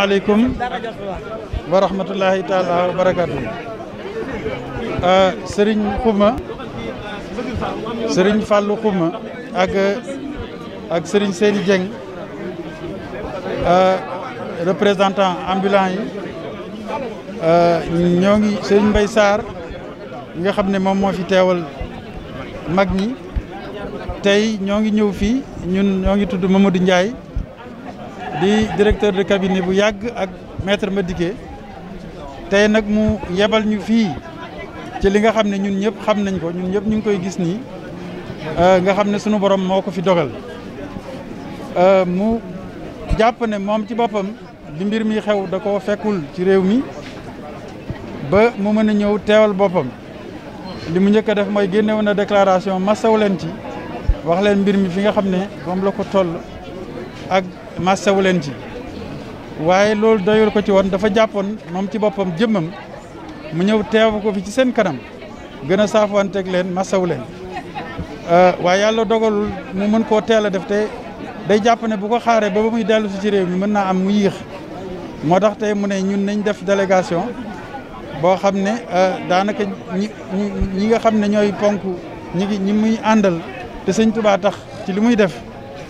maaleykum wa rahmatullahi wa barakaatu ah, sëriñ xuma sëriñ fàllu xuma ak sëriñ seeni jeng représentant ambulant yi ah, ñoo ngi sëriñ mbay saar nga xam ne moom moo fi teewal mag ñi tey ñoo ngi ñëw fii ñun ñoo ngi tudd di njaay di directeur de cabinet bu yag ak maître Madické tay nak mu yebal ñu fi ci li nga xam ñun ñëpp xam nañ ko ñun ñëpp ñu ngi koy gis euh nga xam suñu borom moko fi dogal euh, mu japp ne mom ci bopam bi mbir mi xew da ko fekkul ci réew mi ba mu mën a ñëw teewal bopam li mu njëkk def moy génnewoon wona déclaration masaw leen ci wax leen mbir mi fi nga xam mom la ko toll ak massawu leen ci waaye loolu doyul ko ci woon dafa jàppoon moom ci boppam jëmmam mu ñëw teew ko fi ci seen kanam gën a saafuwanteeg leen massawu leen euh, waaye yàlla dogalul mu mën koo teel a def te day jàpp ne bu ko xaaree ba ba muy dellu si ci réew mi mën naa am mu yéex moo tax tey mu ne ñun nañ def délégation boo xam ne euh, daanaka ñi ñi nga xam ne ñooy ponk ñi ñi muy àndal te sëñ Tuubaa tax ci li muy def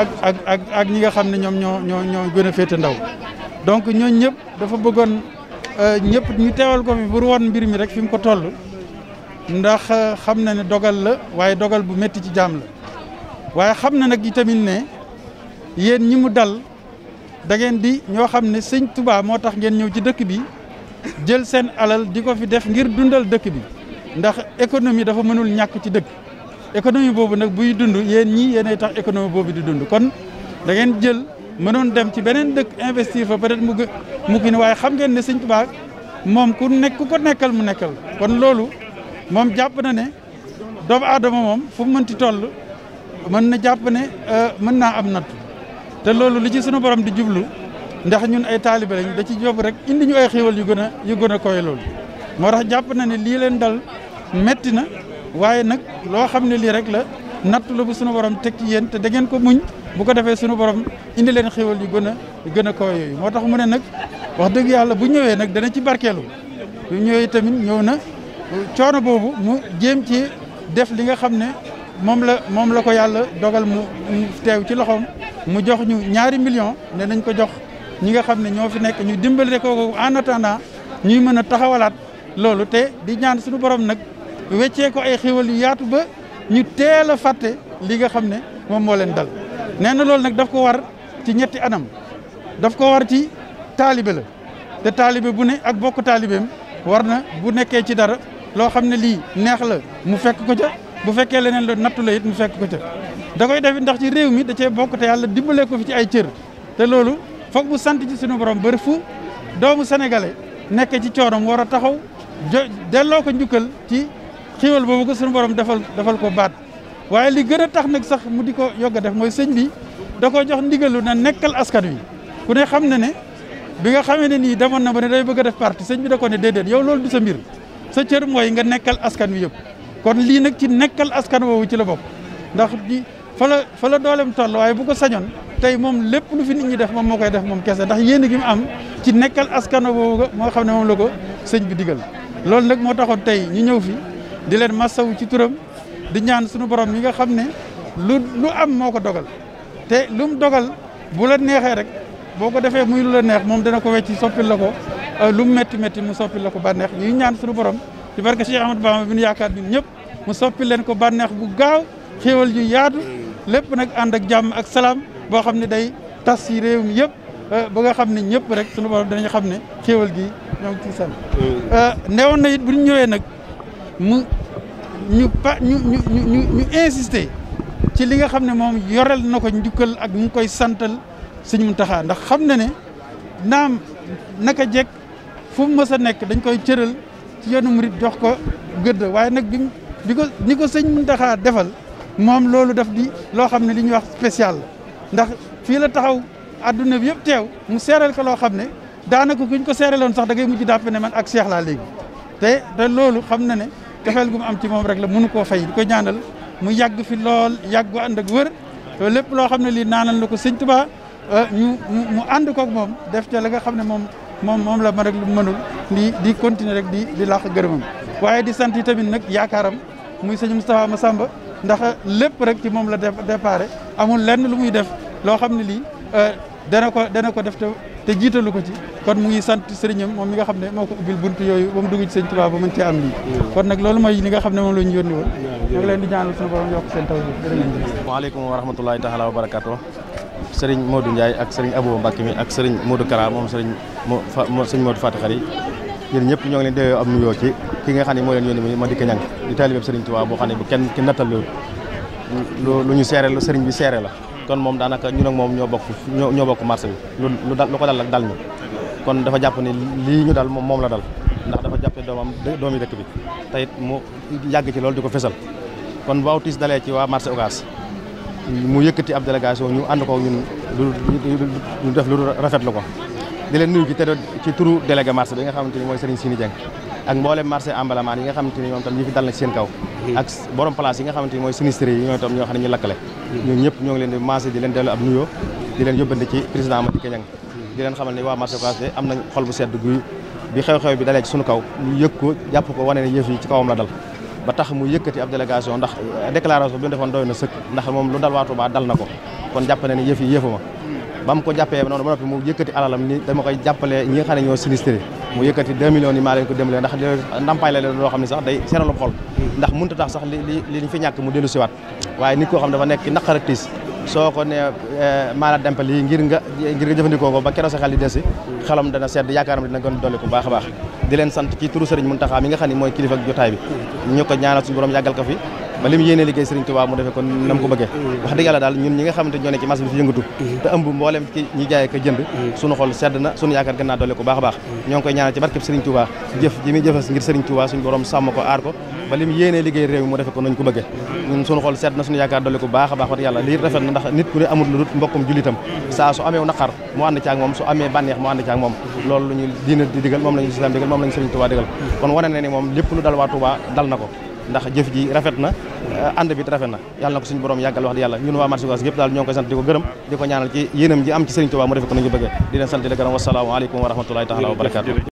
ak ak ak ak ñi nga xam ne ñoom ñoo ñoo ñoo gën a féete ndaw donc ñoo ñëpp dafa bëggoon euh, ñëpp ñu teewal ko fi pour won mbir mi rek fi mu ko tollu ndax euh, xam na ne dogal la waaye dogal bu métti ci jaam la waaye xam na nag yi tamit ne yéen ñi mu dal da ngeen di ñoo xam ne sëñ Touba moo tax ngeen ñëw ci dëkk bi jël seen alal di ko fi def ngir dundal dëkk bi ndax économie dafa mënul ñàkk ci dëkk économie boobu nag buy dund yéen ñii yéenay tax économie boobu di dund kon da ngeen jël mënoon dem ci beneen dëkk investir fa peut-être mu mu gën waaye xam ngeen ne Sëñ Tuubaa moom ku nekk ko nekkal mu nekkal kon loolu moom jàpp na ne doomu aadama moom fu mën mënti toll mën na jàpp ne euh, mën naa am natt te loolu li ci sunu borom di jublu ndax ñun ay taalibe lañ da ci job rek indi ñu ay xéewal yu gën a yu gën koy loolu moo tax jàpp na ne lii leen dal metti na waaye nag loo xam ne lii rek la natt la bu sunu borom teg ci yéen te da ngeen ko muñ bu ko defee sunu borom indi leen xéwal yu gën a gën a koo yooyu moo tax mu ne nag wax dëgg yàlla bu ñëwee nag dana ci barkeelu bu ñëwee tamit ñëw na coono boobu mu jéem ci def li nga xam ne moom la moom la ko yàlla dogal mu teew ci loxoom mu jox ñu ñaari million ne nañ ko jox ñi nga xam ne ñoo fi nekk ñu dimbale kooku en attendant ñuy mën a taxawalaat loolu te di ñaan suñu borom nag weccee ko ay xéwal yu yaatu ba ñu teel a fàtte li nga xam ne moom moo leen dal nee na loolu nag daf ko war ci ñetti anam daf ko war ci taalibe la te taalibe bu ne ak bokk taalibeem war na bu nekkee ci dara loo xam ne lii neex la mu fekk ko ca bu fekkee leneen la nattu la it mu fekk ko ca da koy def ndax ci réew mi da cee bokk te yàlla dimbalee ko fi ci ay cër te loolu foog mu sant ci sunu borom bari fu doomu sénégalais nekke ci coonom war a taxaw jo ko njukkal ci xéewal boobu ko suñu borom defal defal ko baat waaye li gën a tax nag sax mu di ko yogg a def mooy sëñ bi da ko jox ndigalu na nekkal askan wi ku ne xam ne ne bi nga xamee ne nii demoon na ba ne day bëgg a def parti sëñ bi da ko ne déedéet yow loolu du sa mbir sa cër mooy nga nekkal askan wi yëpp kon lii nag ci nekkal askan woowu ci la bopp ndax di fa la fa la dooleem toll waaye bu ko sañoon tey moom lépp lu fi nit ñi def moom moo koy def moom kese ndax yéen gi mu am ci nekkal askan woowu moo xam ne moom la ko sëñ bi digal loolu nag moo taxoon tey ñu ñëw fi di leen masawu ci turam di ñaan suñu borom mi nga xam ne lu am moo ko dogal te lu mu dogal bu la neexee rek boo ko defee muy lu la neex moom dana ko wecci soppil la ko euh, lu mu métti métti mu soppil ko banneex ñuy ñaan suñu borom ci barke Cheikh Ahmadou Bamba bi ñu yaakaar ñun ñëpp mu soppil leen ko banneex bu gaaw xéewal yu yaatu lépp nag ànd ak jàmm ak salaam boo xam ne day tas si réew mi yëpp euh, ba nga xam ne ñëpp rek suñu borom danañ xam ne xéewal gi ñoo ngi ciy sant euh, nag ñu pa ñu ñu ñu ci li nga xam ne moom yorel na ko njukkal ak mu koy santal Sëñ Muntaxa ndax xam na ne naam naka jekk fu mu mës nekk dañ koy cëral ci yoonu murit jox ko gëdd waaye nag bi bi ko ni ko Sëñ Muntaxa defal moom loolu daf di loo xam ne li ñuy wax spécial ndax fii la taxaw adduna bi yëpp teew mu seeral ko loo xam ne daanaka kuñ ko seeraloon sax da ngay mujj dàpp ne man ak Cheikh laa léegi te te loolu xam na ne. cofeel gu mu am ci moom rek la mënu koo fay di ko ñaanal mu yàgg fi lool yàgg gu ànd ak wër lépp loo xam ne lii naanal la ko sëñ Tuubaa euh, ñu mu ànd koog moom def ca la nga xam ne moom moom moom la ma rek lu mënul di di continuer rek di di làq gërëmam waaye di sant yi tamit nag yaakaaram muy sëñ ma sàmba ndax lépp rek ci moom la déparé amul lenn lu muy def loo xam ne lii euh, dana ko dana ko def te jiitalu ko ci kon mu ngi sant sëriñam moom mi nga xam ne moo ko ubbil bunt yooyu ba mu dugg ci sëñ Tuubaa ba mën cee am lii mm. kon nag loolu mooy li nga xam ne moom la ñu yónni woon ma ngi leen di ñaanal suñu borom yokk seen taw bi jërëjëf waaleykum wa rahmatulahi taala wa sëriñ Modou moom ñëpp ñoo ngi leen delloo am ci ki nga xam ne moo leen yónni ma dikk ñang di taalibe sëriñ Tuubaa boo xam kenn ki nattal loolu lu ñu lu sëriñ bi seere la mm. kon moom daanaka ñun ak moom ñoo bokk ñoo bokk marché bi lu ko dal ak dal ñu kon dafa japp ni li ñu dal mom la dal ndax dafa jappé domam domi dekk bi te it mu yàgg ci lool diko fessel kon waaw tiis dalee ci wa marché ogas mu yëkëti ab délégation ñu and ko ñun ñu def lu rafetlu ko di leen nuyu ci te ci turu délégué marché bi nga xamanteni moy mooy Serigne Sini Dieng ak mboolem marché Ambalamaan yi nga xamanteni ni tam ñi fi dal na ci seen kaw hmm. ak borom place yi nga xamanteni moy sinistre yi ñoo tam ñoo xamni ne ñu lakkale hmm. ñun ñëpp ñoo ngi leen di marché di leen délu ab nuyo di leen yobënd ci président amadou kenyang di leen xamal ni waa marché Ocass de am nañ xol bu sedd guy bi xew-xew bi dalee ci kaw ñu yëg ko jàpp ko wane ne yëf ci kawam la dal ba tax mu yëkkati ab délégation ndax euh, déclaration ba mu ko jàppee noonu ba noppi mu yëkkati alalam ni dama koy jàppale ñi nga ñoo sinistré mu yëkkati 2 millions yi maa leen ko démbalee ndax loolu ndàmpaay la leen loo xam ne sax day seralu xol ndax mënut a tax sax li li li ñu fi ñàkk mu dellu siwaat waaye soo ko ne eh, maanaam dempal yi ngir nga ngir nga jëfandikoo ko ba keroog sa xel di desi xelam dana sedd yaakaaram dina gën dolli ko baax baax di leen sant ci turu Serigne Mountakha mi nga xam ne mooy kilifa ak jotaay bi ñu ko ñaanal suñu borom ko fi ba lim yene ligay Serigne Touba mu defé kon nam ko bëggé mm. wax dëgg yalla daal ñun ñi nga xamante ñoo ne ci marché bi fi yëngatu mm. té ëmb mboolem ci ñi jaay ka jënd mm. suñu xol sedd na sunu yaakaar gën doole ko baax baax ñong koy ñaanal ci barké Serigne Touba jëf ji mi jëfas ngir Serigne Touba suñu borom sam ko ar ko ba lim yene ligay réew mu defé ko nañ ko bëggé ñun suñu xol sedd na sunu yaakaar doole ko baax baax wax yalla li rafet na ndax nit ku ne amul lu mbokum julitam sa su amee naqar mu and ci ak mom su amé banex mu and ci ak mom loolu lu ñu diina di digal mom lañu islam digal mom lañu Serigne Touba digal kon wone na ni mom lepp lu dal wa Touba dal nako ndax jëf ji rafet na eh, ànd bi rafet na yàlla na ko suñu borom yàggal wax di yàlla ñun waa marché Ocass yëpp daal ñoo koy sant di ko gërëm di ko ñaanal ci yéenam ji am ci Serigne Touba mu defe ko nañu bëgg di leen sant di la gërëm wasalaamaaleykum wa rahmatulahi taala wa barakaatu